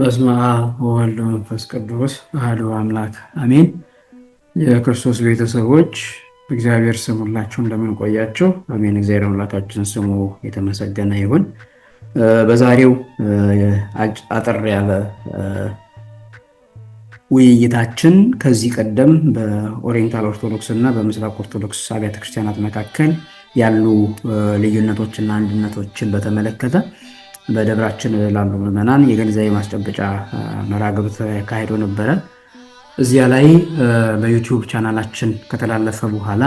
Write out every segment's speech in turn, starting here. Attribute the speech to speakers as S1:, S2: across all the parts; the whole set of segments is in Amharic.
S1: በስመ አብ ወወልድ መንፈስ ቅዱስ አሐዱ አምላክ አሜን። የክርስቶስ ቤተሰቦች እግዚአብሔር ስም ሁላችሁ እንደምንቆያቸው አሜን። እግዚአብሔር አምላካችን ስሙ የተመሰገነ ይሁን። በዛሬው አጠር ያለ ውይይታችን ከዚህ ቀደም በኦሪየንታል ኦርቶዶክስ እና በምስራቅ ኦርቶዶክስ አብያተ ክርስቲያናት መካከል ያሉ ልዩነቶችና አንድነቶችን በተመለከተ በደብራችን ላሉ ምዕመናን የገንዘብ ማስጨበጫ መርሃ ግብር ተካሂዶ ነበረ። እዚያ ላይ በዩቲዩብ ቻናላችን ከተላለፈ በኋላ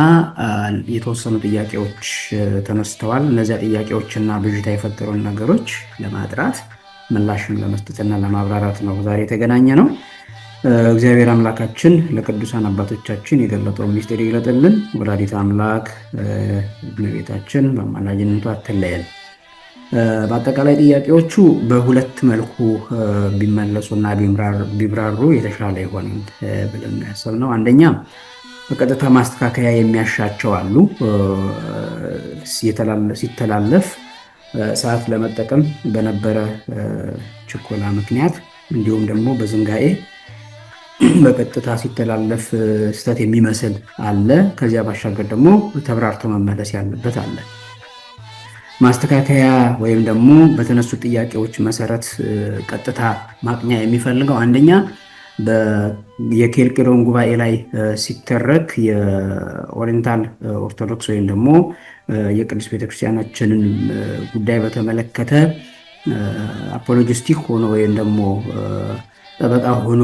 S1: የተወሰኑ ጥያቄዎች ተነስተዋል። እነዚያ ጥያቄዎችና ብዥታ የፈጠሩን ነገሮች ለማጥራት ምላሽን ለመስጠትና ለማብራራት ነው ዛሬ የተገናኘ ነው። እግዚአብሔር አምላካችን ለቅዱሳን አባቶቻችን የገለጠው ሚስጥር ይግለጥልን። ወላዲት አምላክ እመቤታችን በአማላጅነቷ አትለየን። በአጠቃላይ ጥያቄዎቹ በሁለት መልኩ ቢመለሱና ቢብራሩ የተሻለ ይሆን ብለን ያሰብነው አንደኛ በቀጥታ ማስተካከያ የሚያሻቸው አሉ። ሲተላለፍ ሰዓት ለመጠቀም በነበረ ችኮላ ምክንያት እንዲሁም ደግሞ በዝንጋኤ በቀጥታ ሲተላለፍ ስህተት የሚመስል አለ። ከዚያ ባሻገር ደግሞ ተብራርቶ መመለስ ያለበት አለ። ማስተካከያ ወይም ደግሞ በተነሱ ጥያቄዎች መሰረት ቀጥታ ማቅኛ የሚፈልገው አንደኛ የኬልቄዶን ጉባኤ ላይ ሲተረክ የኦሪንታል ኦርቶዶክስ ወይም ደግሞ የቅዱስ ቤተክርስቲያናችንን ጉዳይ በተመለከተ አፖሎጂስቲክ ሆኖ ወይም ደግሞ ጠበቃ ሆኖ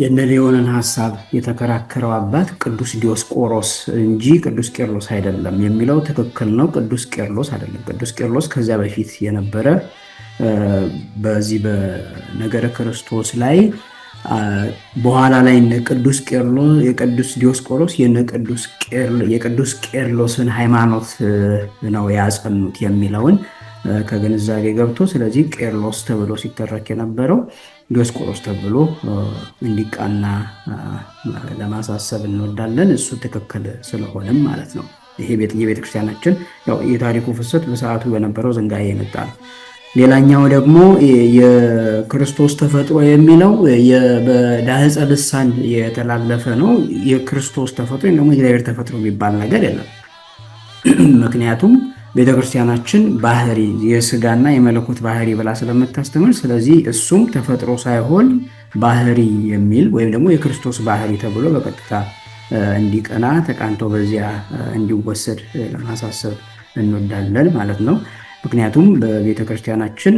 S1: የነሊዮንን ሀሳብ የተከራከረው አባት ቅዱስ ዲዮስቆሮስ እንጂ ቅዱስ ቄርሎስ አይደለም የሚለው ትክክል ነው። ቅዱስ ቄርሎስ አይደለም። ቅዱስ ቄርሎስ ከዚያ በፊት የነበረ በዚህ በነገረ ክርስቶስ ላይ በኋላ ላይ ቅዱስ ቄርሎስ የቅዱስ ዲዮስቆሮስ የቅዱስ ቄርሎስን ሃይማኖት ነው ያጸኑት የሚለውን ከግንዛቤ ገብቶ ስለዚህ ቄርሎስ ተብሎ ሲተረክ የነበረው ዲዮስቆሮስ ተብሎ እንዲቃና ለማሳሰብ እንወዳለን። እሱ ትክክል ስለሆነም ማለት ነው። ይሄ የቤተክርስቲያናችን የታሪኩ ፍሰት በሰዓቱ በነበረው ዘንጋዬ የመጣ ነው። ሌላኛው ደግሞ የክርስቶስ ተፈጥሮ የሚለው በዳህፀ ልሳን የተላለፈ ነው። የክርስቶስ ተፈጥሮ ወይም ደግሞ የእግዚአብሔር ተፈጥሮ የሚባል ነገር የለም። ምክንያቱም ቤተክርስቲያናችን ባህሪ የስጋና የመለኮት ባህሪ ብላ ስለምታስተምር፣ ስለዚህ እሱም ተፈጥሮ ሳይሆን ባህሪ የሚል ወይም ደግሞ የክርስቶስ ባህሪ ተብሎ በቀጥታ እንዲቀና ተቃንቶ በዚያ እንዲወሰድ ለማሳሰብ እንወዳለን ማለት ነው። ምክንያቱም በቤተክርስቲያናችን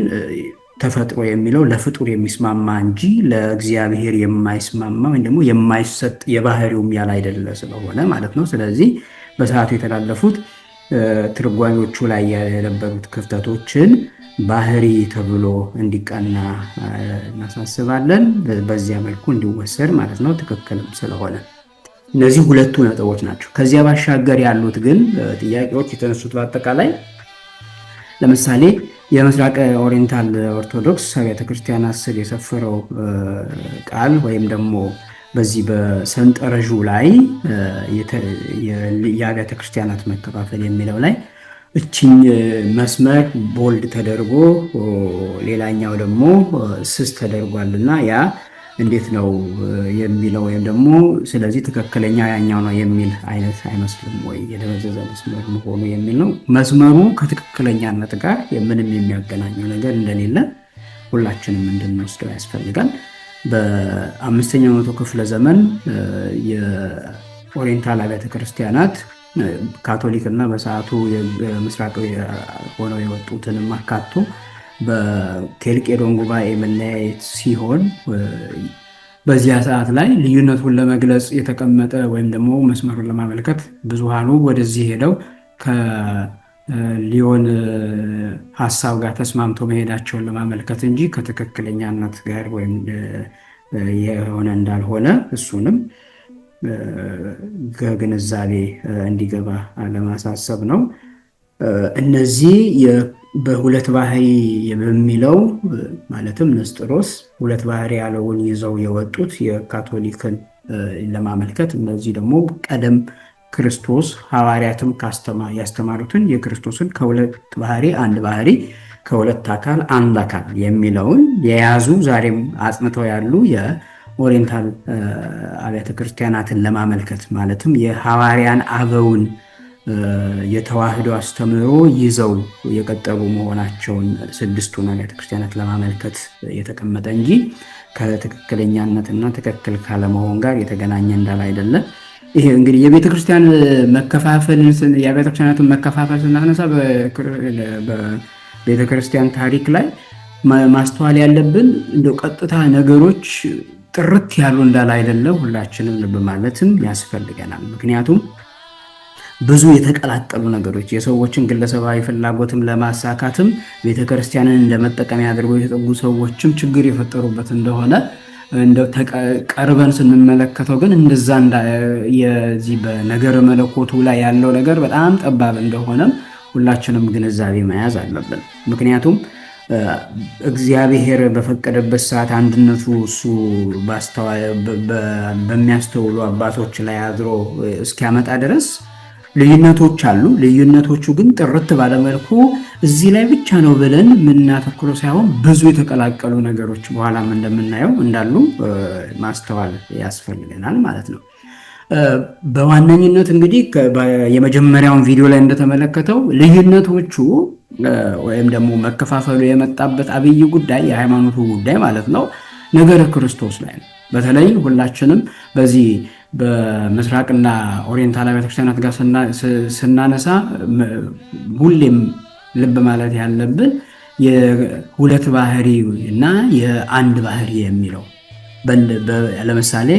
S1: ተፈጥሮ የሚለው ለፍጡር የሚስማማ እንጂ ለእግዚአብሔር የማይስማማ ወይም ደግሞ የማይሰጥ የባህሪውም ያለ አይደለ ስለሆነ ማለት ነው። ስለዚህ በሰዓቱ የተላለፉት ትርጓሚዎቹ ላይ የነበሩት ክፍተቶችን ባህሪ ተብሎ እንዲቀና እናሳስባለን። በዚያ መልኩ እንዲወሰድ ማለት ነው። ትክክልም ስለሆነ እነዚህ ሁለቱ ነጥቦች ናቸው። ከዚያ ባሻገር ያሉት ግን ጥያቄዎች የተነሱት በአጠቃላይ ለምሳሌ የምስራቅ ኦሪንታል ኦርቶዶክስ ቤተክርስቲያን ስር የሰፈረው ቃል ወይም ደግሞ በዚህ በሰንጠረዡ ላይ የአብያተ ክርስቲያናት መከፋፈል የሚለው ላይ እችኝ መስመር ቦልድ ተደርጎ ሌላኛው ደግሞ ስስ ተደርጓልና ያ እንዴት ነው የሚለው ወይም ደግሞ ስለዚህ ትክክለኛ ያኛው ነው የሚል አይነት አይመስልም ወይ የደበዘዘ መስመር መሆኑ የሚል ነው። መስመሩ ከትክክለኛነት ጋር ምንም የሚያገናኘው ነገር እንደሌለ ሁላችንም እንድንወስደው ያስፈልጋል። በአምስተኛው መቶ ክፍለ ዘመን የኦሪየንታል አብያተ ክርስቲያናት ካቶሊክና በሰዓቱ ምስራቅ ሆነው የወጡትንም አካቶ በቴልቄዶን ጉባኤ መለያየት ሲሆን በዚያ ሰዓት ላይ ልዩነቱን ለመግለጽ የተቀመጠ ወይም ደግሞ መስመሩን ለማመልከት ብዙሃኑ ወደዚህ ሄደው ሊሆን ሀሳብ ጋር ተስማምቶ መሄዳቸውን ለማመልከት እንጂ ከትክክለኛነት ጋር ወይም የሆነ እንዳልሆነ እሱንም ከግንዛቤ እንዲገባ ለማሳሰብ ነው። እነዚህ በሁለት ባህሪ በሚለው ማለትም ንስጥሮስ ሁለት ባህሪ ያለውን ይዘው የወጡት የካቶሊክን ለማመልከት እነዚህ ደግሞ ቀደም ክርስቶስ ሐዋርያትም ያስተማሩትን የክርስቶስን ከሁለት ባህሪ አንድ ባህሪ ከሁለት አካል አንድ አካል የሚለውን የያዙ ዛሬም አጽንተው ያሉ የኦሪየንታል አብያተ ክርስቲያናትን ለማመልከት ማለትም የሐዋርያን አበውን የተዋህዶ አስተምህሮ ይዘው የቀጠሉ መሆናቸውን ስድስቱን አብያተ ክርስቲያናት ለማመልከት የተቀመጠ እንጂ ከትክክለኛነትና ትክክል ካለመሆን ጋር የተገናኘ እንዳለ አይደለም። ይሄ እንግዲህ የቤተ ክርስቲያን መከፋፈልን የቤተ መከፋፈል ስናነሳ በቤተ ክርስቲያን ታሪክ ላይ ማስተዋል ያለብን እንደ ቀጥታ ነገሮች ጥርት ያሉ እንዳለ አይደለ ሁላችንም ልብ ማለትም ያስፈልገናል። ምክንያቱም ብዙ የተቀላቀሉ ነገሮች የሰዎችን ግለሰባዊ ፍላጎትም ለማሳካትም ቤተክርስቲያንን እንደመጠቀሚያ አድርገው የተጠጉ ሰዎችም ችግር የፈጠሩበት እንደሆነ ቀርበን ስንመለከተው ግን እንደዛ የዚህ በነገር መለኮቱ ላይ ያለው ነገር በጣም ጠባብ እንደሆነም ሁላችንም ግንዛቤ መያዝ አለብን። ምክንያቱም እግዚአብሔር በፈቀደበት ሰዓት አንድነቱ እሱ በሚያስተውሉ አባቶች ላይ አድሮ እስኪያመጣ ድረስ ልዩነቶች አሉ። ልዩነቶቹ ግን ጥርት ባለመልኩ እዚህ ላይ ብቻ ነው ብለን የምናተኩረው ሳይሆን ብዙ የተቀላቀሉ ነገሮች በኋላም እንደምናየው እንዳሉ ማስተዋል ያስፈልገናል ማለት ነው። በዋነኝነት እንግዲህ የመጀመሪያውን ቪዲዮ ላይ እንደተመለከተው ልዩነቶቹ ወይም ደግሞ መከፋፈሉ የመጣበት አብይ ጉዳይ የሃይማኖቱ ጉዳይ ማለት ነው ነገረ ክርስቶስ ላይ ነው። በተለይ ሁላችንም በዚህ በምስራቅና ኦሪየንታል ቤተክርስቲያናት ጋር ስናነሳ ሁሌም ልብ ማለት ያለብን የሁለት ባህሪ እና የአንድ ባህሪ የሚለው ለምሳሌ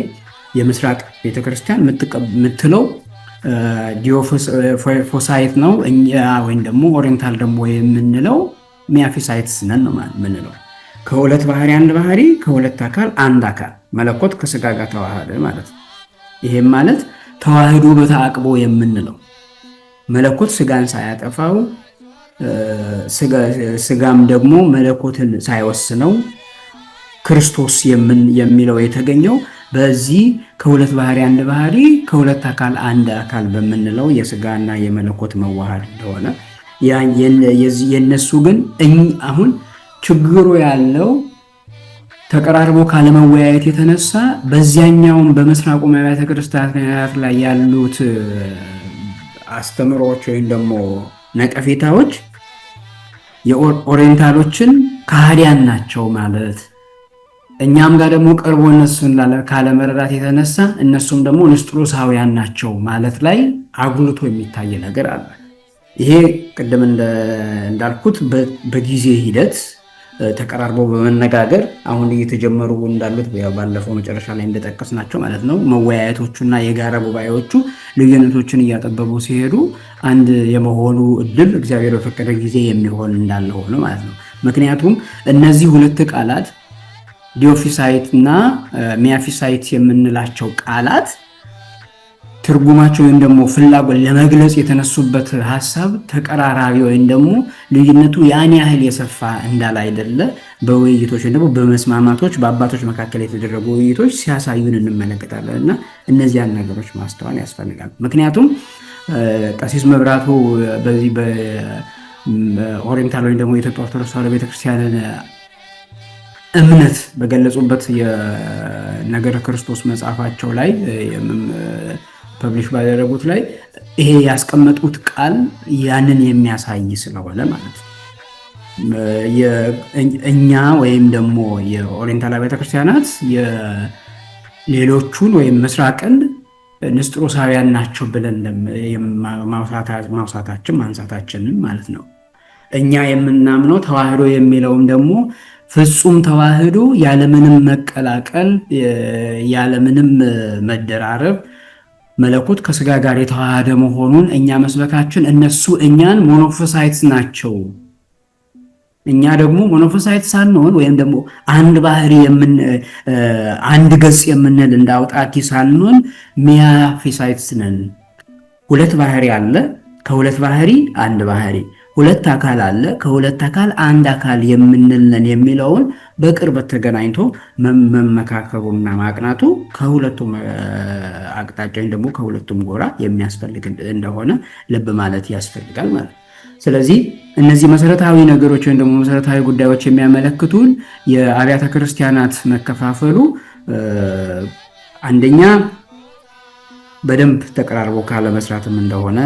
S1: የምስራቅ ቤተክርስቲያን የምትለው ዲዮፎሳይት ነው ወይም ደግሞ ኦሪየንታል ደግሞ የምንለው ሚያፊሳይትስ ነን ነው የምንለው። ከሁለት ባህሪ አንድ ባህሪ፣ ከሁለት አካል አንድ አካል መለኮት ከስጋ ጋር ተዋሃደ ማለት ነው። ይሄም ማለት ተዋህዶ በተአቅቦ የምንለው መለኮት ስጋን ሳያጠፋው ስጋም ደግሞ መለኮትን ሳይወስነው ክርስቶስ የሚለው የተገኘው በዚህ ከሁለት ባህሪ አንድ ባህሪ ከሁለት አካል አንድ አካል በምንለው የስጋና የመለኮት መዋሃድ እንደሆነ የነሱ ግን አሁን ችግሩ ያለው ተቀራርቦ ካለመወያየት የተነሳ በዚያኛውን በምስራቁ አብያተ ክርስቲያናት ላይ ያሉት አስተምሮዎች ወይም ደግሞ ነቀፌታዎች የኦሪየንታሎችን ከሃዲያን ናቸው ማለት እኛም ጋር ደግሞ ቀርቦ እነሱን ካለመረዳት የተነሳ እነሱም ደግሞ ንስጥሮሳውያን ናቸው ማለት ላይ አጉልቶ የሚታይ ነገር አለ። ይሄ ቅድም እንዳልኩት በጊዜ ሂደት ተቀራርበው በመነጋገር አሁን እየተጀመሩ እንዳሉት ባለፈው መጨረሻ ላይ እንደጠቀስ ናቸው ማለት ነው። መወያየቶቹና የጋራ ጉባኤዎቹ ልዩነቶችን እያጠበቡ ሲሄዱ አንድ የመሆኑ እድል እግዚአብሔር በፈቀደ ጊዜ የሚሆን እንዳለ ሆነ ማለት ነው። ምክንያቱም እነዚህ ሁለት ቃላት ዲዮፊሳይት እና ሚያፊሳይት የምንላቸው ቃላት ትርጉማቸው ወይም ደግሞ ፍላጎት ለመግለጽ የተነሱበት ሀሳብ ተቀራራቢ ወይም ደግሞ ልዩነቱ ያን ያህል የሰፋ እንዳለ አይደለ በውይይቶች ወይም ደግሞ በመስማማቶች በአባቶች መካከል የተደረጉ ውይይቶች ሲያሳዩን እንመለከታለን እና እነዚያን ነገሮች ማስተዋል ያስፈልጋል። ምክንያቱም ቀሲስ መብራቱ በዚህ በኦሪንታል ወይም ደግሞ የኢትዮጵያ ኦርቶዶክስ ተዋሕዶ ቤተክርስቲያንን እምነት በገለጹበት የነገረ ክርስቶስ መጽሐፋቸው ላይ ፐብሊሽ ባደረጉት ላይ ይሄ ያስቀመጡት ቃል ያንን የሚያሳይ ስለሆነ ማለት ነው። እኛ ወይም ደግሞ የኦሪንታላ ቤተክርስቲያናት ሌሎቹን ወይም ምስራቅን ንስጥሮሳውያን ናቸው ብለን ማውሳታችን ማንሳታችንን ማለት ነው። እኛ የምናምነው ተዋህዶ የሚለውም ደግሞ ፍጹም ተዋህዶ ያለምንም መቀላቀል ያለምንም መደራረብ መለኮት ከስጋ ጋር የተዋሃደ መሆኑን እኛ መስበካችን እነሱ እኛን ሞኖፎሳይትስ ናቸው። እኛ ደግሞ ሞኖፎሳይት ሳንሆን ወይም ደግሞ አንድ ባህሪ አንድ ገጽ የምንል እንደ አውጣቲ ሳንሆን ሚያፊሳይትስ ነን። ሁለት ባህሪ አለ፣ ከሁለት ባህሪ አንድ ባህሪ፣ ሁለት አካል አለ፣ ከሁለት አካል አንድ አካል የምንል ነን የሚለውን በቅርበት ተገናኝቶ መመካከሩና ማቅናቱ ከሁለቱ አቅጣጫ ደግሞ ከሁለቱም ጎራ የሚያስፈልግ እንደሆነ ልብ ማለት ያስፈልጋል ማለት ነው። ስለዚህ እነዚህ መሰረታዊ ነገሮች ወይም ደግሞ መሰረታዊ ጉዳዮች የሚያመለክቱን የአብያተ ክርስቲያናት መከፋፈሉ አንደኛ በደንብ ተቀራርቦ ካለመስራትም እንደሆነ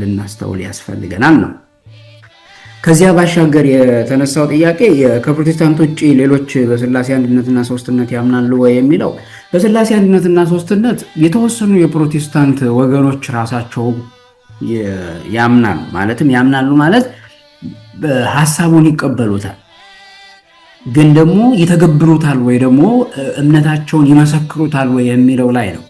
S1: ልናስተውል ያስፈልገናል ነው። ከዚያ ባሻገር የተነሳው ጥያቄ ከፕሮቴስታንት ውጭ ሌሎች በስላሴ አንድነትና ሶስትነት ያምናሉ ወይ የሚለው፣ በስላሴ አንድነትና ሶስትነት የተወሰኑ የፕሮቴስታንት ወገኖች ራሳቸው ያምናሉ። ማለትም ያምናሉ ማለት ሀሳቡን ይቀበሉታል፣ ግን ደግሞ ይተገብሩታል ወይ ደግሞ እምነታቸውን ይመሰክሩታል ወይ የሚለው ላይ ነው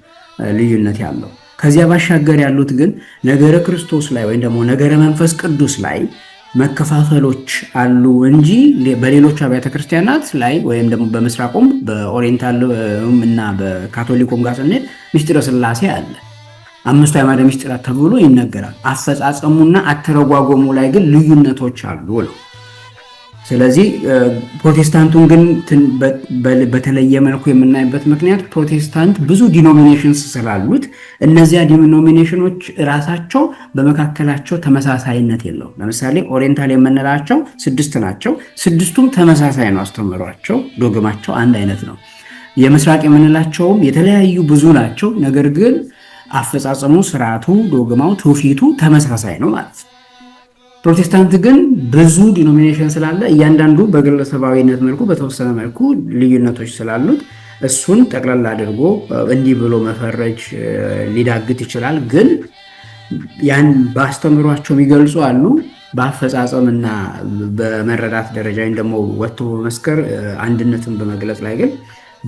S1: ልዩነት ያለው። ከዚያ ባሻገር ያሉት ግን ነገረ ክርስቶስ ላይ ወይም ደግሞ ነገረ መንፈስ ቅዱስ ላይ መከፋፈሎች አሉ እንጂ በሌሎች አብያተ ክርስቲያናት ላይ ወይም ደግሞ በምስራቁም በኦሪንታልም እና በካቶሊኩም ጋር ስንሄድ ምስጢረ ስላሴ አለ። አምስቱ አዕማደ ምስጢራት ተብሎ ይነገራል። አፈጻጸሙና አተረጓጎሙ ላይ ግን ልዩነቶች አሉ ነው። ስለዚህ ፕሮቴስታንቱን ግን በተለየ መልኩ የምናይበት ምክንያት ፕሮቴስታንት ብዙ ዲኖሚኔሽንስ ስላሉት እነዚያ ዲኖሚኔሽኖች ራሳቸው በመካከላቸው ተመሳሳይነት የለው። ለምሳሌ ኦሪየንታል የምንላቸው ስድስት ናቸው። ስድስቱም ተመሳሳይ ነው። አስተምሯቸው፣ ዶግማቸው አንድ አይነት ነው። የምስራቅ የምንላቸውም የተለያዩ ብዙ ናቸው። ነገር ግን አፈጻጸሙ፣ ስርዓቱ፣ ዶግማው፣ ትውፊቱ ተመሳሳይ ነው ማለት ነው። ፕሮቴስታንት ግን ብዙ ዲኖሚኔሽን ስላለ እያንዳንዱ በግለሰባዊነት መልኩ በተወሰነ መልኩ ልዩነቶች ስላሉት እሱን ጠቅላላ አድርጎ እንዲህ ብሎ መፈረጅ ሊዳግት ይችላል። ግን ያን በአስተምሯቸው የሚገልጹ አሉ። እና በመረዳት ደረጃ ወይም ደግሞ ወጥቶ በመስከር አንድነትን በመግለጽ ላይ ግን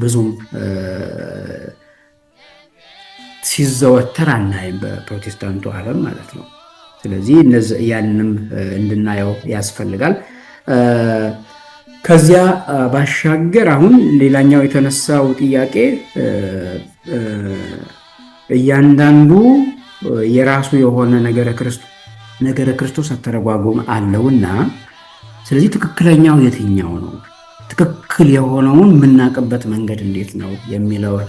S1: ብዙም ሲዘወተር አናይም፣ በፕሮቴስታንቱ ዓለም ማለት ነው። ስለዚህ ያንንም እንድናየው ያስፈልጋል። ከዚያ ባሻገር አሁን ሌላኛው የተነሳው ጥያቄ እያንዳንዱ የራሱ የሆነ ነገረ ክርስቶስ አተረጓጎም አለውና ስለዚህ ትክክለኛው የትኛው ነው? ትክክል የሆነውን የምናውቅበት መንገድ እንዴት ነው?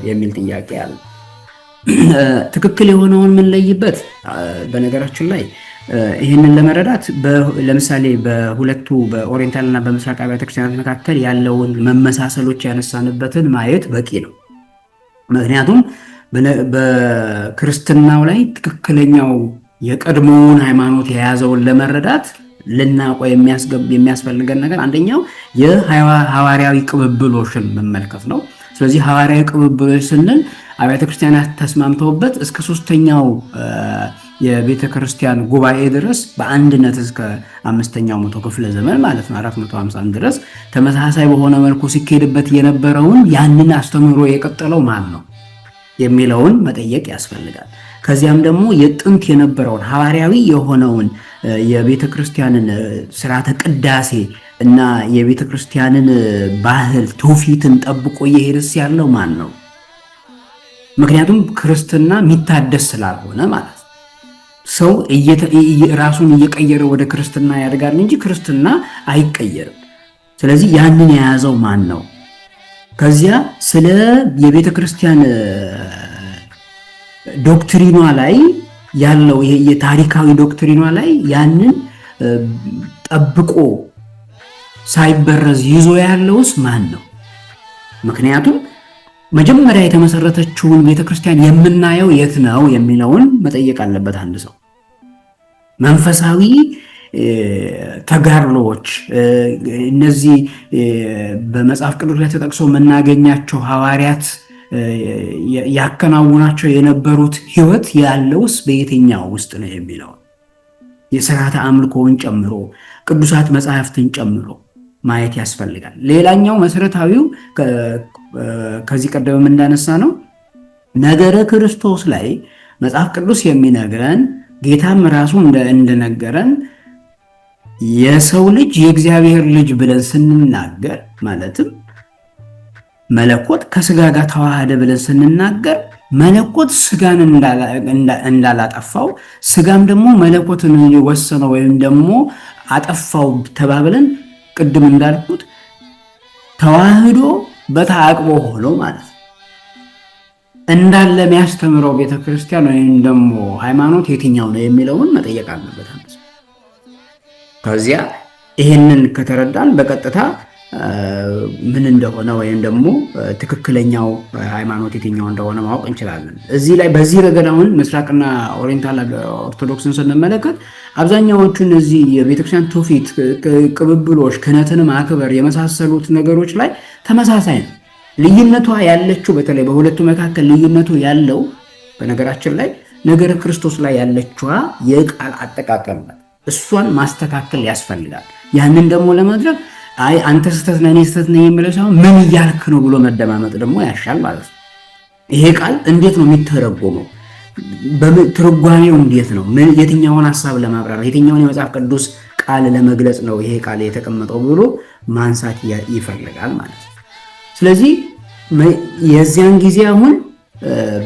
S1: የሚል ጥያቄ አለ። ትክክል የሆነውን የምንለይበት በነገራችን ላይ ይህንን ለመረዳት ለምሳሌ በሁለቱ በኦሪንታል እና በምስራቅ አብያተ ክርስቲያናት መካከል ያለውን መመሳሰሎች ያነሳንበትን ማየት በቂ ነው። ምክንያቱም በክርስትናው ላይ ትክክለኛው የቀድሞውን ሃይማኖት የያዘውን ለመረዳት ልናውቀው የሚያስፈልገን ነገር አንደኛው የሐዋርያዊ ቅብብሎሽን መመልከት ነው። ስለዚህ ሐዋርያዊ ቅብብሎች ስንል አብያተ ክርስቲያናት ተስማምተውበት እስከ ሶስተኛው የቤተ ክርስቲያን ጉባኤ ድረስ በአንድነት እስከ አምስተኛው መቶ ክፍለ ዘመን ማለት ነው 451 ድረስ ተመሳሳይ በሆነ መልኩ ሲካሄድበት የነበረውን ያንን አስተምህሮ የቀጠለው ማን ነው የሚለውን መጠየቅ ያስፈልጋል። ከዚያም ደግሞ የጥንት የነበረውን ሐዋርያዊ የሆነውን የቤተ ክርስቲያንን ስርዓተ ቅዳሴ እና የቤተ ክርስቲያንን ባህል ትውፊትን ጠብቆ እየሄደስ ያለው ማን ነው? ምክንያቱም ክርስትና የሚታደስ ስላልሆነ ማለት ነው። ሰው ራሱን እየቀየረ ወደ ክርስትና ያድጋል እንጂ ክርስትና አይቀየርም። ስለዚህ ያንን የያዘው ማን ነው? ከዚያ ስለ የቤተ ክርስቲያን ዶክትሪኗ ላይ ያለው ይሄ የታሪካዊ ዶክትሪኗ ላይ ያንን ጠብቆ ሳይበረዝ ይዞ ያለውስ ማን ነው? ምክንያቱም መጀመሪያ የተመሰረተችውን ቤተክርስቲያን የምናየው የት ነው የሚለውን መጠየቅ አለበት አንድ ሰው። መንፈሳዊ ተጋድሎዎች እነዚህ በመጽሐፍ ቅዱስ ላይ ተጠቅሶ የምናገኛቸው ሐዋርያት ያከናውናቸው የነበሩት ህይወት ያለውስ በየትኛው ውስጥ ነው የሚለው የስርዓተ አምልኮውን ጨምሮ ቅዱሳት መጽሐፍትን ጨምሮ ማየት ያስፈልጋል። ሌላኛው መሰረታዊው ከዚህ ቀደም እንዳነሳ ነው ነገረ ክርስቶስ ላይ መጽሐፍ ቅዱስ የሚነግረን ጌታም ራሱ እንደነገረን የሰው ልጅ የእግዚአብሔር ልጅ ብለን ስንናገር ማለትም መለኮት ከስጋ ጋር ተዋህደ ብለን ስንናገር መለኮት ስጋን እንዳላጠፋው ስጋም ደግሞ መለኮትን ወሰነ ወይም ደግሞ አጠፋው ተባብለን ቅድም እንዳልኩት ተዋህዶ በተአቅቦ ሆኖ ማለት ነው እንዳለ የሚያስተምረው ቤተክርስቲያን ወይም ደግሞ ሃይማኖት የትኛው ነው የሚለውን መጠየቅ አለበት። ከዚያ ይህንን ከተረዳን በቀጥታ ምን እንደሆነ ወይም ደግሞ ትክክለኛው ሃይማኖት የትኛው እንደሆነ ማወቅ እንችላለን። እዚህ ላይ በዚህ ረገድ አሁን ምስራቅና ኦሪንታል ኦርቶዶክስን ስንመለከት አብዛኛዎቹ እነዚህ የቤተክርስቲያን ትውፊት፣ ቅብብሎች፣ ክህነትን ማክበር የመሳሰሉት ነገሮች ላይ ተመሳሳይ ነው። ልዩነቷ ያለችው በተለይ በሁለቱ መካከል ልዩነቱ ያለው በነገራችን ላይ ነገረ ክርስቶስ ላይ ያለችዋ የቃል አጠቃቀም እሷን ማስተካከል ያስፈልጋል። ያንን ደግሞ ለማድረግ አይ አንተ ስህተት ነህ እኔ ስህተት ነኝ የሚለው ሳይሆን ምን እያልክ ነው ብሎ መደማመጥ ደግሞ ያሻል ማለት ነው። ይሄ ቃል እንዴት ነው የሚተረጎመው? ትርጓሜው እንዴት ነው? የትኛውን ሀሳብ ለማብራራ የትኛውን የመጽሐፍ ቅዱስ ቃል ለመግለጽ ነው ይሄ ቃል የተቀመጠው ብሎ ማንሳት ይፈልጋል ማለት ነው። ስለዚህ የዚያን ጊዜ አሁን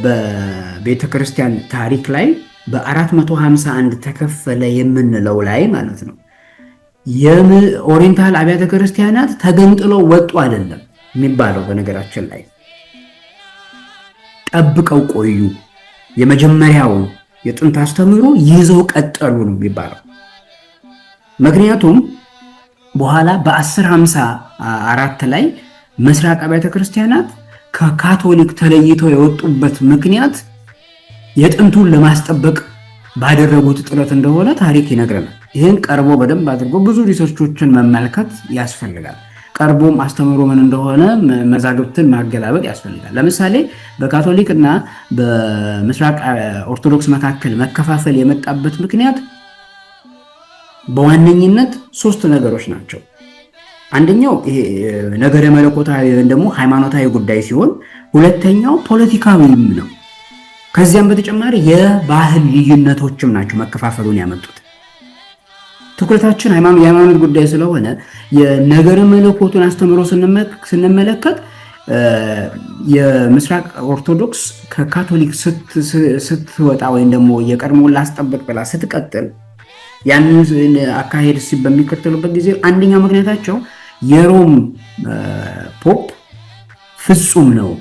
S1: በቤተ ክርስቲያን ታሪክ ላይ በ451 ተከፈለ የምንለው ላይ ማለት ነው የኦሪየንታል አብያተ ክርስቲያናት ተገንጥለው ወጡ አይደለም የሚባለው። በነገራችን ላይ ጠብቀው ቆዩ። የመጀመሪያው የጥንት አስተምህሮ ይዘው ቀጠሉ ነው የሚባለው። ምክንያቱም በኋላ በ1054 ላይ ምስራቅ አብያተ ክርስቲያናት ከካቶሊክ ተለይተው የወጡበት ምክንያት የጥንቱን ለማስጠበቅ ባደረጉት ጥረት እንደሆነ ታሪክ ይነግረናል። ይህን ቀርቦ በደንብ አድርጎ ብዙ ሪሰርቾችን መመልከት ያስፈልጋል። ቀርቦም አስተምሮ ምን እንደሆነ መዛግብትን ማገላበጥ ያስፈልጋል። ለምሳሌ በካቶሊክ እና በምስራቅ ኦርቶዶክስ መካከል መከፋፈል የመጣበት ምክንያት በዋነኝነት ሶስት ነገሮች ናቸው። አንደኛው ይሄ ነገረ መለኮታዊ ወይም ደግሞ ሃይማኖታዊ ጉዳይ ሲሆን፣ ሁለተኛው ፖለቲካዊም ነው። ከዚያም በተጨማሪ የባህል ልዩነቶችም ናቸው መከፋፈሉን ያመጡት። ትኩረታችን የሃይማኖት ጉዳይ ስለሆነ የነገር መለኮቱን አስተምሮ ስንመለከት የምስራቅ ኦርቶዶክስ ከካቶሊክ ስትወጣ ወይም ደግሞ የቀድሞውን ላስጠብቅ ብላ ስትቀጥል ያንን አካሄድ በሚከተሉበት ጊዜ አንደኛው ምክንያታቸው የሮም ፖፕ ፍጹም ነው።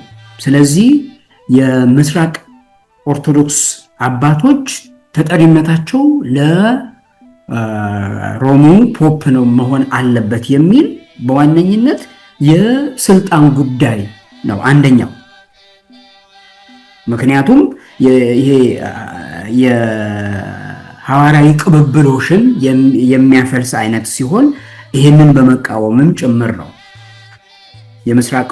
S1: ስለዚህ የምስራቅ ኦርቶዶክስ አባቶች ተጠሪነታቸው ለ ሮሙ ፖፕ ነው መሆን አለበት የሚል በዋነኝነት የስልጣን ጉዳይ ነው አንደኛው። ምክንያቱም ይሄ የሐዋርያዊ ቅብብሎሽን የሚያፈልስ አይነት ሲሆን ይህንን በመቃወምም ጭምር ነው የምስራቅ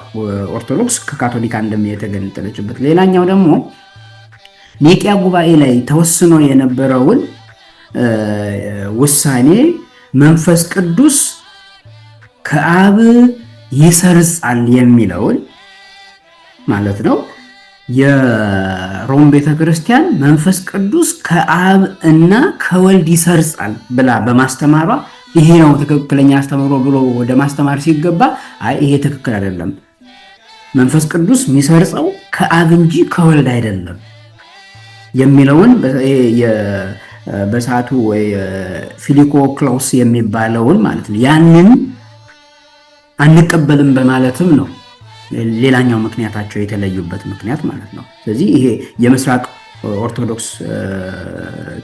S1: ኦርቶዶክስ ከካቶሊክ አንድም የተገነጠለችበት። ሌላኛው ደግሞ ኒቂያ ጉባኤ ላይ ተወስኖ የነበረውን ውሳኔ መንፈስ ቅዱስ ከአብ ይሰርጻል የሚለውን ማለት ነው። የሮም ቤተ ክርስቲያን መንፈስ ቅዱስ ከአብ እና ከወልድ ይሰርጻል ብላ በማስተማሯ ይሄ ነው ትክክለኛ አስተምሮ ብሎ ወደ ማስተማር ሲገባ አይ ይሄ ትክክል አይደለም፣ መንፈስ ቅዱስ የሚሰርጸው ከአብ እንጂ ከወልድ አይደለም የሚለውን በሰዓቱ ወይ ፊሊኮ ክላውስ የሚባለውን ማለት ነው ያንን አንቀበልም በማለትም ነው ሌላኛው ምክንያታቸው የተለዩበት ምክንያት ማለት ነው። ስለዚህ ይሄ የምስራቅ ኦርቶዶክስ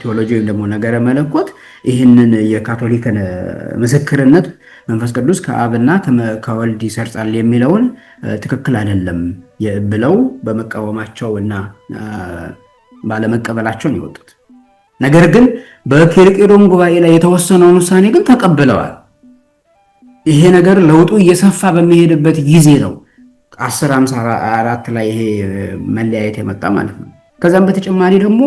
S1: ቴዎሎጂ ወይም ደግሞ ነገረ መለኮት ይህንን የካቶሊክን ምስክርነት መንፈስ ቅዱስ ከአብና ከወልድ ይሰርጻል የሚለውን ትክክል አይደለም ብለው በመቃወማቸው እና ባለመቀበላቸው ነው የወጡት። ነገር ግን በኬልቄዶን ጉባኤ ላይ የተወሰነውን ውሳኔ ግን ተቀብለዋል። ይሄ ነገር ለውጡ እየሰፋ በሚሄድበት ጊዜ ነው 1054 ላይ ይሄ መለያየት የመጣ ማለት ነው። ከዛም በተጨማሪ ደግሞ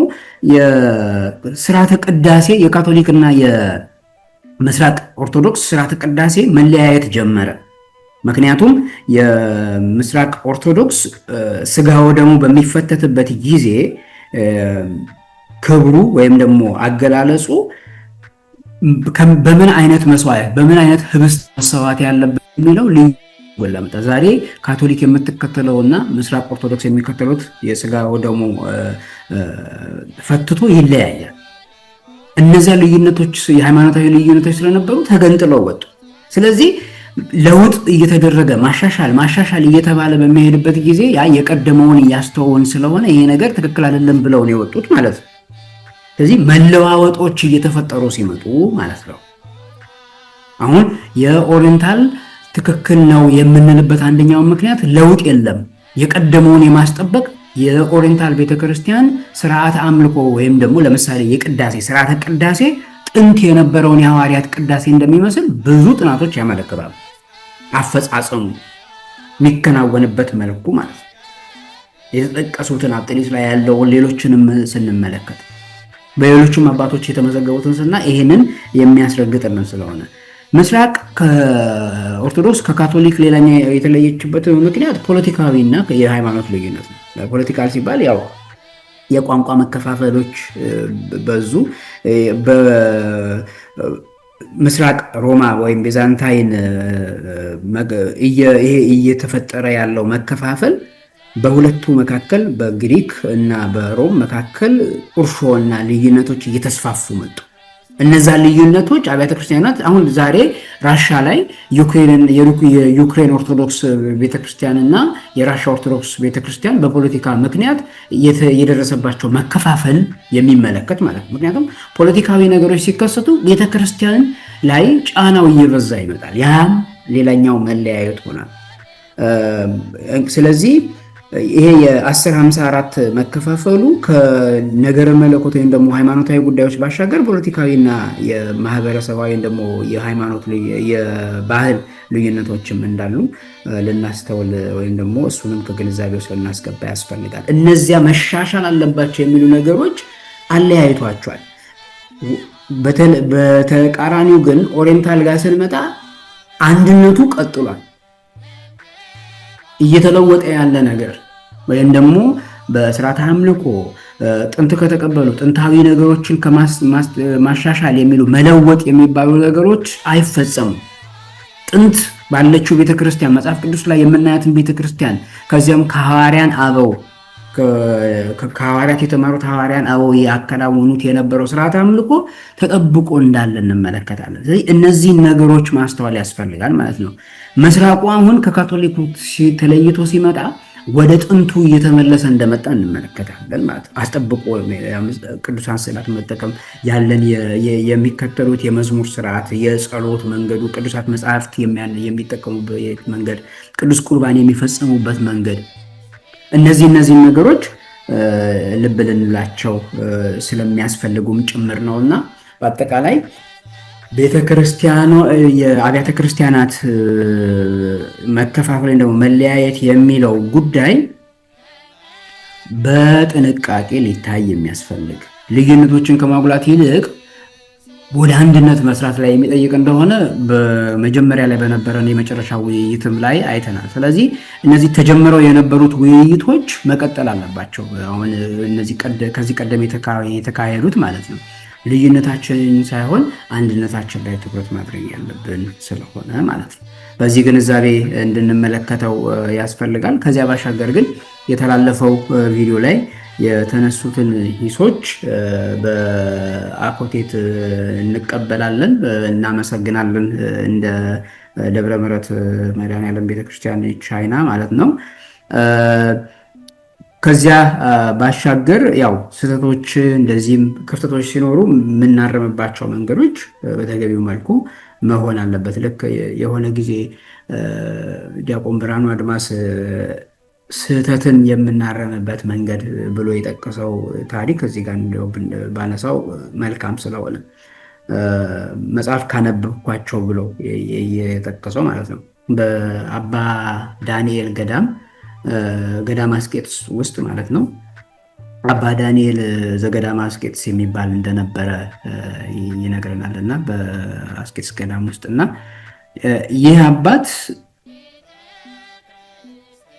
S1: የስርዓተ ቅዳሴ የካቶሊክና የምስራቅ ኦርቶዶክስ ስርዓተ ቅዳሴ መለያየት ጀመረ። ምክንያቱም የምስራቅ ኦርቶዶክስ ስጋ ወደሙ በሚፈተትበት ጊዜ ክብሩ ወይም ደግሞ አገላለጹ በምን አይነት መስዋዕት በምን አይነት ህብስት መሰዋት ያለበት የሚለው ልዩ ዛሬ ካቶሊክ የምትከተለውና ምስራቅ ኦርቶዶክስ የሚከተሉት የስጋ ወደሙ ፈትቶ ይለያያል። እነዚያ ልዩነቶች የሃይማኖታዊ ልዩነቶች ስለነበሩ ተገንጥለው ወጡ። ስለዚህ ለውጥ እየተደረገ ማሻሻል ማሻሻል እየተባለ በሚሄድበት ጊዜ ያ የቀደመውን እያስተውን ስለሆነ ይሄ ነገር ትክክል አይደለም ብለው ነው የወጡት ማለት ነው። ስለዚህ መለዋወጦች እየተፈጠሩ ሲመጡ ማለት ነው። አሁን የኦሪንታል ትክክል ነው የምንልበት አንደኛው ምክንያት ለውጥ የለም፣ የቀደመውን የማስጠበቅ የኦሪንታል ቤተክርስቲያን ስርዓተ አምልኮ ወይም ደግሞ ለምሳሌ የቅዳሴ ስርዓተ ቅዳሴ ጥንት የነበረውን የሐዋርያት ቅዳሴ እንደሚመስል ብዙ ጥናቶች ያመለክታሉ። አፈጻጸሙ የሚከናወንበት መልኩ ማለት ነው። የተጠቀሱትን አብጥሊት ላይ ያለውን ሌሎችንም ስንመለከት በሌሎቹም አባቶች የተመዘገቡትን ስና ይህንን የሚያስረግጥልን ስለሆነ ምስራቅ ከኦርቶዶክስ ከካቶሊክ ሌላኛ የተለየችበት ምክንያት ፖለቲካዊና የሃይማኖት ልዩነት ነው። ፖለቲካል ሲባል ያው የቋንቋ መከፋፈሎች በዙ። ምስራቅ ሮማ ወይም ቤዛንታይን እየተፈጠረ ያለው መከፋፈል በሁለቱ መካከል በግሪክ እና በሮም መካከል ቁርሾና ልዩነቶች እየተስፋፉ መጡ። እነዛ ልዩነቶች አብያተ ክርስቲያናት አሁን ዛሬ ራሻ ላይ የዩክሬን ኦርቶዶክስ ቤተክርስቲያን እና የራሻ ኦርቶዶክስ ቤተክርስቲያን በፖለቲካ ምክንያት የደረሰባቸው መከፋፈል የሚመለከት ማለት ነው። ምክንያቱም ፖለቲካዊ ነገሮች ሲከሰቱ ቤተክርስቲያን ላይ ጫናው እየበዛ ይመጣል። ያም ሌላኛው መለያየት ሆናል። ስለዚህ ይሄ የአስር ሃምሳ አራት መከፋፈሉ ከነገረ መለኮት ወይም ደግሞ ሃይማኖታዊ ጉዳዮች ባሻገር ፖለቲካዊና የማህበረሰባዊ ወይም ደግሞ የሃይማኖት የባህል ልዩነቶችም እንዳሉ ልናስተውል ወይም ደግሞ እሱንም ከግንዛቤ ውስጥ ልናስገባ ያስፈልጋል። እነዚያ መሻሻል አለባቸው የሚሉ ነገሮች አለያይቷቸዋል። በተቃራኒው ግን ኦሪየንታል ጋር ስንመጣ አንድነቱ ቀጥሏል። እየተለወጠ ያለ ነገር ወይም ደግሞ በስርዓተ አምልኮ ጥንት ከተቀበሉ ጥንታዊ ነገሮችን ማሻሻል የሚሉ መለወጥ የሚባሉ ነገሮች አይፈጸሙ። ጥንት ባለችው ቤተክርስቲያን መጽሐፍ ቅዱስ ላይ የምናያትን ቤተክርስቲያን ከዚያም ከሐዋርያን አበው ከሐዋርያት የተማሩት ሐዋርያን አበው ያከናውኑት የነበረው ስርዓት አምልኮ ተጠብቆ እንዳለ እንመለከታለን። ስለዚህ እነዚህን ነገሮች ማስተዋል ያስፈልጋል ማለት ነው። ምስራቁ አሁን ከካቶሊኩ ተለይቶ ሲመጣ ወደ ጥንቱ እየተመለሰ እንደመጣ እንመለከታለን ማለት ነው። አስጠብቆ ቅዱሳን ስዕላት መጠቀም ያለን የሚከተሉት የመዝሙር ስርዓት፣ የጸሎት መንገዱ፣ ቅዱሳት መጽሐፍት የሚጠቀሙበት መንገድ፣ ቅዱስ ቁርባን የሚፈጸሙበት መንገድ፣ እነዚህ እነዚህን ነገሮች ልብ ልንላቸው ስለሚያስፈልጉም ጭምር ነውና በአጠቃላይ ቤተ ክርስቲያኖ የአብያተ ክርስቲያናት መከፋፈል ደግሞ መለያየት የሚለው ጉዳይ በጥንቃቄ ሊታይ የሚያስፈልግ ልዩነቶችን ከማጉላት ይልቅ ወደ አንድነት መስራት ላይ የሚጠይቅ እንደሆነ በመጀመሪያ ላይ በነበረን የመጨረሻ ውይይትም ላይ አይተናል። ስለዚህ እነዚህ ተጀምረው የነበሩት ውይይቶች መቀጠል አለባቸው። አሁን እነዚህ ከዚህ ቀደም የተካሄዱት ማለት ነው። ልዩነታችንን ሳይሆን አንድነታችን ላይ ትኩረት ማድረግ ያለብን ስለሆነ ማለት ነው። በዚህ ግንዛቤ እንድንመለከተው ያስፈልጋል። ከዚያ ባሻገር ግን የተላለፈው ቪዲዮ ላይ የተነሱትን ሂሶች በአኮቴት እንቀበላለን፣ እናመሰግናለን እንደ ደብረ ምሕረት መድኃኔዓለም ቤተክርስቲያን ቻይና ማለት ነው። ከዚያ ባሻገር ያው ስህተቶች እንደዚህም ክፍተቶች ሲኖሩ የምናረምባቸው መንገዶች በተገቢው መልኩ መሆን አለበት። ልክ የሆነ ጊዜ ዲያቆን ብርሃኑ አድማስ ስህተትን የምናረምበት መንገድ ብሎ የጠቀሰው ታሪክ እዚህ ጋር ባነሳው መልካም ስለሆነ መጽሐፍ ካነበብኳቸው ብሎ የጠቀሰው ማለት ነው። በአባ ዳንኤል ገዳም ገዳማ አስቄጥስ ውስጥ ማለት ነው አባ ዳንኤል ዘገዳማ አስቄጥስ የሚባል እንደነበረ ይነግረናል እና በአስቄጥስ ገዳም ውስጥ እና ይህ አባት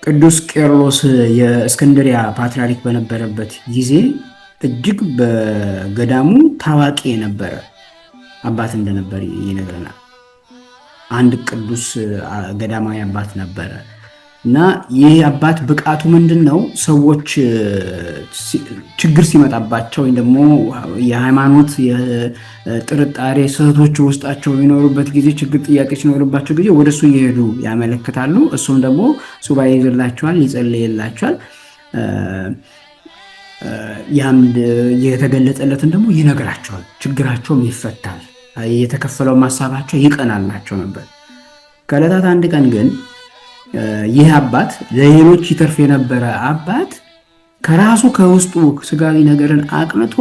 S1: ቅዱስ ቄርሎስ የእስክንድሪያ ፓትርያርክ በነበረበት ጊዜ እጅግ በገዳሙ ታዋቂ የነበረ አባት እንደነበር ይነግረናል። አንድ ቅዱስ ገዳማዊ አባት ነበረ። እና ይህ አባት ብቃቱ ምንድን ነው? ሰዎች ችግር ሲመጣባቸው ወይም ደግሞ የሃይማኖት የጥርጣሬ ስህቶች ውስጣቸው የሚኖሩበት ጊዜ ችግር ጥያቄ ሲኖርባቸው ጊዜ ወደ እሱ እየሄዱ ያመለክታሉ። እሱም ደግሞ ሱባኤ ይዝላቸዋል፣ ይጸልይላቸዋል። ያም የተገለጸለትን ደግሞ ይነግራቸዋል። ችግራቸውም ይፈታል። የተከፈለው ማሳባቸው ይቀናላቸው ነበር። ከዕለታት አንድ ቀን ግን ይህ አባት ለሌሎች ይተርፍ የነበረ አባት ከራሱ ከውስጡ ስጋዊ ነገርን አቅንቶ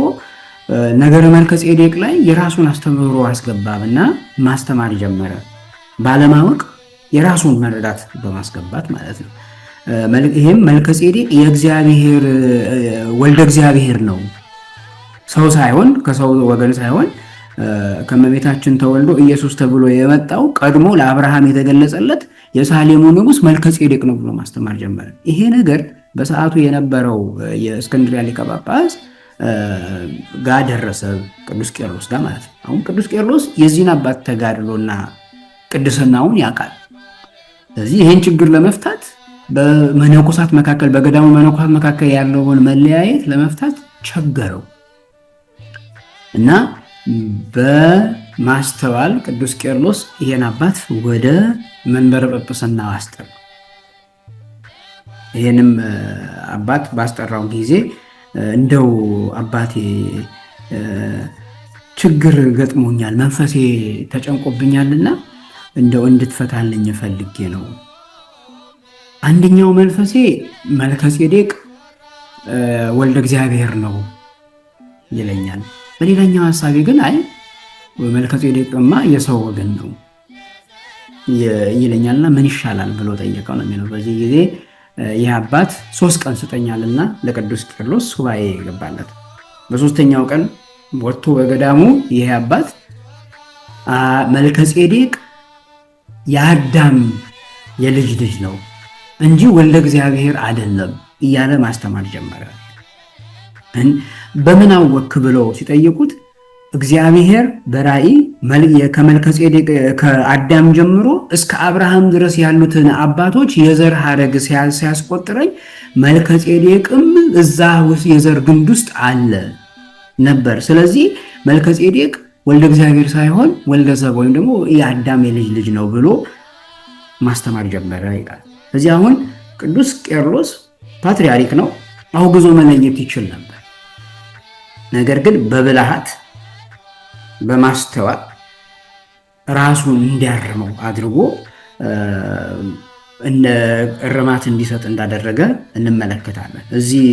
S1: ነገረ መልከጼዴቅ ላይ የራሱን አስተምህሮ አስገባብና ማስተማር ጀመረ። ባለማወቅ የራሱን መረዳት በማስገባት ማለት ነው። ይህም መልከጼዴቅ የእግዚአብሔር ወልደ እግዚአብሔር ነው፣ ሰው ሳይሆን ከሰው ወገን ሳይሆን ከመቤታችን ተወልዶ ኢየሱስ ተብሎ የመጣው ቀድሞ ለአብርሃም የተገለጸለት የሳሌሙ ንጉሥ መልከጼዴቅ ነው ብሎ ማስተማር ጀመረ። ይሄ ነገር በሰዓቱ የነበረው የእስክንድሪያ ሊቀ ጳጳስ ጋ ደረሰ፣ ቅዱስ ቄርሎስ ጋር ማለት ነው። አሁን ቅዱስ ቄርሎስ የዚህን አባት ተጋድሎና ቅድስናውን ያውቃል። ስለዚህ ይህን ችግር ለመፍታት በመነኮሳት መካከል በገዳሙ መነኮሳት መካከል ያለውን መለያየት ለመፍታት ቸገረው እና በማስተዋል ቅዱስ ቄርሎስ ይሄን አባት ወደ መንበረ ጵጵስና አስጠራ። ይሄንም አባት ባስጠራው ጊዜ እንደው አባቴ ችግር ገጥሞኛል፣ መንፈሴ ተጨንቆብኛልና እንደው እንድትፈታልኝ ፈልጌ ነው። አንደኛው መንፈሴ መልከጼዴቅ ወልደ እግዚአብሔር ነው ይለኛል። በሌላኛው ሀሳቢ ግን አይ መልከ ጼዴቅማ የሰው ወገን ነው ይለኛልና ምን ይሻላል ብሎ ጠየቀው ነው የሚለው። በዚህ ጊዜ ይህ አባት ሶስት ቀን ስጠኛልና ለቅዱስ ቄርሎስ ሱባኤ ገባለት። በሶስተኛው ቀን ወጥቶ በገዳሙ ይህ አባት መልከጼዴቅ የአዳም የልጅ ልጅ ነው እንጂ ወልደ እግዚአብሔር አይደለም እያለ ማስተማር ጀመረ። በምን አወክ ብለው ሲጠይቁት እግዚአብሔር በራእይ ከመልከጼዴቅ ከአዳም ጀምሮ እስከ አብርሃም ድረስ ያሉትን አባቶች የዘር ሀረግ ሲያስቆጥረኝ መልከጼዴቅም እዛ የዘር ግንድ ውስጥ አለ ነበር። ስለዚህ መልከጼዴቅ ወልደ እግዚአብሔር ሳይሆን ወልደ ሰብ ወይም ደግሞ የአዳም የልጅ ልጅ ነው ብሎ ማስተማር ጀመረ ይላል። እዚህ አሁን ቅዱስ ቄርሎስ ፓትርያርክ ነው፣ አውግዞ መለየት ይችል ነበር። ነገር ግን በብልሃት በማስተዋል ራሱን እንዲያርመው አድርጎ እርማት እንዲሰጥ እንዳደረገ እንመለከታለን። እዚህ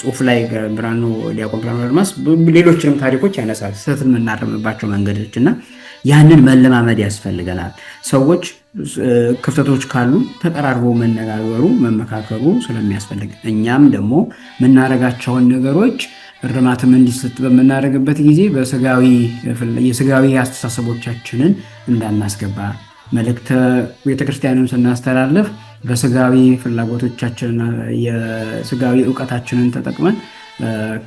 S1: ጽሁፍ ላይ ብርሃኑ ዲያቆን ብርሃኑ አድማስ ሌሎችንም ታሪኮች ያነሳል። ስህተትን የምናርምባቸው መንገዶች እና ያንን መለማመድ ያስፈልገናል። ሰዎች ክፍተቶች ካሉ ተቀራርቦ መነጋገሩ መመካከሩ ስለሚያስፈልግ እኛም ደግሞ የምናደርጋቸውን ነገሮች እርማትም እንዲሰጥ በምናደርግበት ጊዜ የስጋዊ አስተሳሰቦቻችንን እንዳናስገባ መልእክተ ቤተክርስቲያንም ስናስተላልፍ በስጋዊ ፍላጎቶቻችንና የስጋዊ እውቀታችንን ተጠቅመን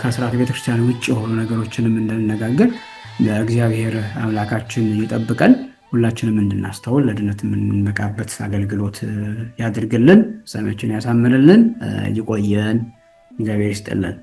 S1: ከስርዓተ ቤተክርስቲያን ውጭ የሆኑ ነገሮችንም እንዳንነጋገር ለእግዚአብሔር አምላካችን ይጠብቀን። ሁላችንም እንድናስተውል ለድነት የምንመቃበት አገልግሎት ያድርግልን። ሰሚያችን ያሳምንልን። ይቆየን። እግዚአብሔር ይስጥልን።